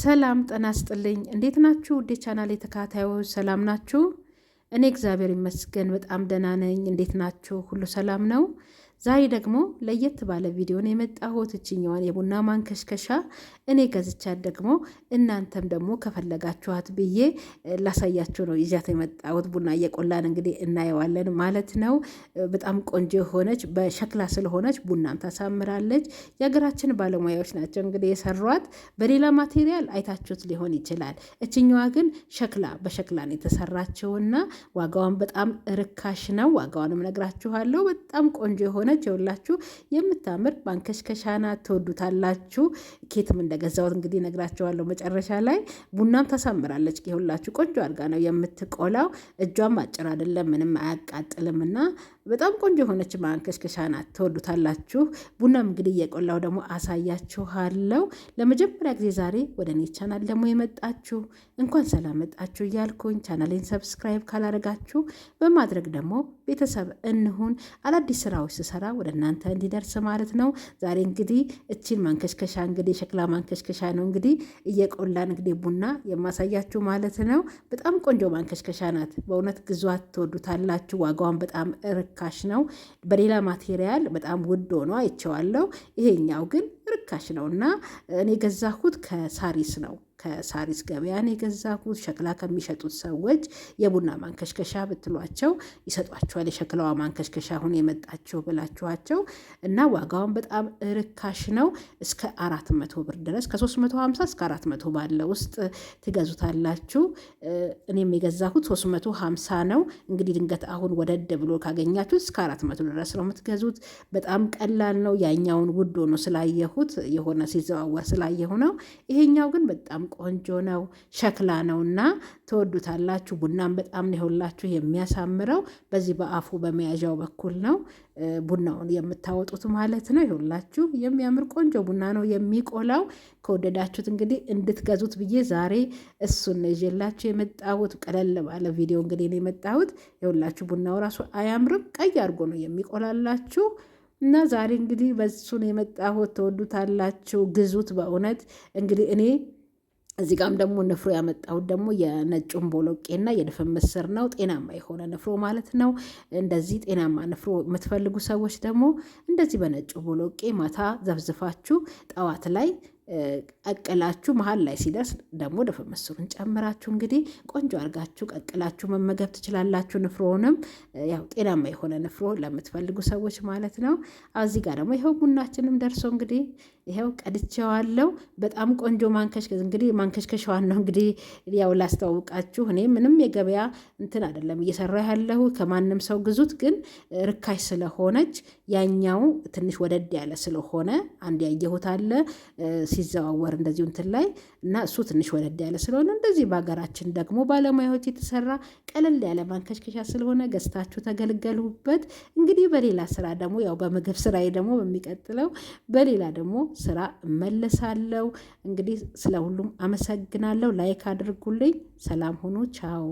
ሰላም ጠና ስጥልኝ እንዴት ናችሁ? ውዴ ቻናል የተከታታዮች ሰላም ናችሁ? እኔ እግዚአብሔር ይመስገን በጣም ደህና ነኝ። እንዴት ናችሁ? ሁሉ ሰላም ነው? ዛሬ ደግሞ ለየት ባለ ቪዲዮ ነው የመጣሁት። እችኛዋን የቡና ማንከሽከሻ እኔ ገዝቻት ደግሞ እናንተም ደግሞ ከፈለጋችኋት ብዬ ላሳያችሁ ነው ይዣት የመጣሁት። ቡና እየቆላን እንግዲህ እናየዋለን ማለት ነው። በጣም ቆንጆ የሆነች በሸክላ ስለሆነች ቡናም ታሳምራለች። የሀገራችን ባለሙያዎች ናቸው እንግዲህ የሰሯት። በሌላ ማቴሪያል አይታችሁት ሊሆን ይችላል። እችኛዋ ግን ሸክላ በሸክላን የተሰራችውና ዋጋዋን በጣም ርካሽ ነው። ዋጋዋንም ነግራችኋለሁ። በጣም ቆንጆ የሆነ ነች። የሁላችሁ የምታምር ማንከሽከሻ ናት። ትወዱታላችሁ። ኬትም እንደገዛሁት እንግዲህ እነግራችኋለሁ መጨረሻ ላይ። ቡናም ታሳምራለች። ይኸውላችሁ ቆንጆ አድርጋ ነው የምትቆላው። እጇም አጭር አይደለም፣ ምንም አያቃጥልም እና በጣም ቆንጆ የሆነች ማንከሽከሻ ናት። ትወዱታላችሁ። ቡናም እንግዲህ እየቆላው ደግሞ አሳያችኋለሁ። ለመጀመሪያ ጊዜ ዛሬ ወደ እኔ ቻናል ደግሞ የመጣችሁ እንኳን ሰላም መጣችሁ እያልኩኝ ቻናሌን ሰብስክራይብ ካላደረጋችሁ በማድረግ ደግሞ ቤተሰብ እንሁን። አዳዲስ ስራዎች ስሰራ ሰራ ወደ እናንተ እንዲደርስ ማለት ነው። ዛሬ እንግዲህ እችን ማንከሽከሻ እንግዲህ ሸክላ ማንከሽከሻ ነው እንግዲህ እየቆላ እንግዲህ ቡና የማሳያችሁ ማለት ነው። በጣም ቆንጆ ማንከሽከሻ ናት በእውነት ግዟት፣ ትወዱታላችሁ። ዋጋዋን በጣም ርካሽ ነው። በሌላ ማቴሪያል በጣም ውድ ሆኖ አይቼዋለሁ። ይሄኛው ግን ርካሽ ነው እና እኔ የገዛሁት ከሳሪስ ነው። ከሳሪስ ገበያን የገዛኩት ሸክላ ከሚሸጡት ሰዎች የቡና ማንከሽከሻ ብትሏቸው ይሰጧቸዋል። የሸክላዋ ማንከሽከሻ አሁን የመጣችሁ ብላችኋቸው እና ዋጋውን በጣም ርካሽ ነው። እስከ አራት መቶ ብር ድረስ ከሶስት መቶ ሀምሳ እስከ አራት መቶ ባለ ውስጥ ትገዙታላችሁ። እኔም የገዛሁት ሶስት መቶ ሀምሳ ነው። እንግዲህ ድንገት አሁን ወደድ ብሎ ካገኛችሁ እስከ አራት መቶ ድረስ ነው የምትገዙት። በጣም ቀላል ነው። ያኛውን ውድ ሆኖ ስላየሁት የሆነ ሲዘዋወር ስላየሁ ነው። ይሄኛው ግን በጣም ቆንጆ ነው፣ ሸክላ ነው እና ትወዱታላችሁ። ቡናም በጣም ሊሆላችሁ የሚያሳምረው በዚህ በአፉ በመያዣው በኩል ነው ቡናውን የምታወጡት ማለት ነው። ይሁላችሁ የሚያምር ቆንጆ ቡና ነው የሚቆላው። ከወደዳችሁት እንግዲህ እንድትገዙት ብዬ ዛሬ እሱን ነው ይዤላችሁ የመጣሁት። ቀለል ባለ ቪዲዮ እንግዲህ ነው የመጣሁት። ይሁላችሁ ቡናው ራሱ አያምርም፣ ቀይ አድርጎ ነው የሚቆላላችሁ እና ዛሬ እንግዲህ በሱን የመጣሁት። ተወዱታላችሁ፣ ግዙት። በእውነት እንግዲህ እኔ እዚህ ጋም ደግሞ ንፍሮ ያመጣሁት ደግሞ የነጩን ቦሎቄና የድፍን ምስር ነው። ጤናማ የሆነ ንፍሮ ማለት ነው። እንደዚህ ጤናማ ንፍሮ የምትፈልጉ ሰዎች ደግሞ እንደዚህ በነጩ ቦሎቄ ማታ ዘፍዝፋችሁ ጠዋት ላይ ቀቅላችሁ መሀል ላይ ሲደርስ ደግሞ ድፍ ምስሩን ጨምራችሁ እንግዲህ ቆንጆ አድርጋችሁ ቀቅላችሁ መመገብ ትችላላችሁ። ንፍሮውንም ያው ጤናማ የሆነ ንፍሮ ለምትፈልጉ ሰዎች ማለት ነው። እዚህ ጋር ደግሞ ይኸው ቡናችንም ደርሶ እንግዲህ ይኸው ቀድቼዋለሁ። በጣም ቆንጆ ማንከሽከሽ እንግዲህ ማንከሽከሻዋን ነው እንግዲህ ያው ላስተዋውቃችሁ። እኔ ምንም የገበያ እንትን አይደለም እየሰራ ያለሁ ከማንም ሰው ግዙት፣ ግን ርካሽ ስለሆነች ያኛው ትንሽ ወደድ ያለ ስለሆነ አንድ ያየሁት አለ ሲዘዋወር እንደዚሁ እንትን ላይ እና እሱ ትንሽ ወለድ ያለ ስለሆነ እንደዚህ በሀገራችን ደግሞ ባለሙያዎች የተሰራ ቀለል ያለ ማንከሽከሻ ስለሆነ ገዝታችሁ ተገልገሉበት። እንግዲህ በሌላ ስራ ደግሞ ያው በምግብ ስራ ደግሞ በሚቀጥለው በሌላ ደግሞ ስራ እመለሳለሁ። እንግዲህ ስለ ሁሉም አመሰግናለሁ። ላይክ አድርጉልኝ። ሰላም ሁኑ። ቻው